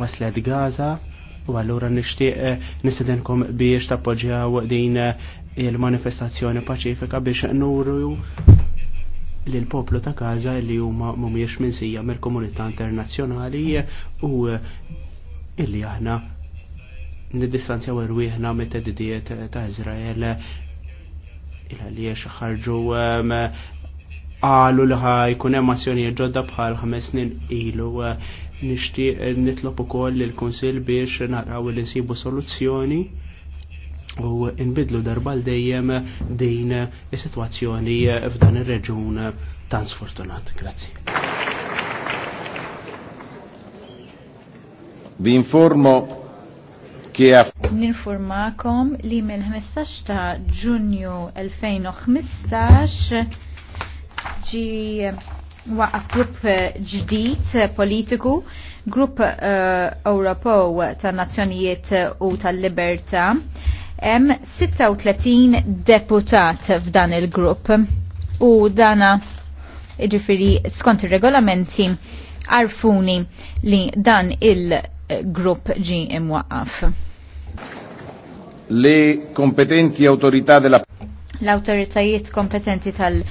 waslet Gaza u allura nixtieq eh, nisidenkom biex tappoġġjaw din eh, il-manifestazzjoni paċifika biex nuru l poplu ta' Gaza li huma mhumiex minsija mill-komunità internazzjonali eh, u illi aħna niddistanzjaw irwieħna mit-teddidiet ta' Izrael il għaliex ħarġu għalu li ħajkun hemm ġodda bħal ħames snin ilu. Uh, Nixtieq eh, nitlob ukoll il-Kunsill biex naraw li nsibu soluzzjoni u nbidlu darba l dejjem din is-sitwazzjoni eh, f'dan ir-reġun tan sfortunat. Grazzi. Vi informo Ninformakom li mill-15 ta' ġunju 2015 ġi waqaf grupp eh, ġdid eh, politiku, grupp eh, Ewropew ta' Nazzjonijiet u tal-Libertà. Hemm 36 deputat f'dan il-grupp u dana ġifiri skont ir-regolamenti arfuni li dan il-grupp ġi imwaqaf. Le kompetenti autorità della l-autoritajiet kompetenti tal-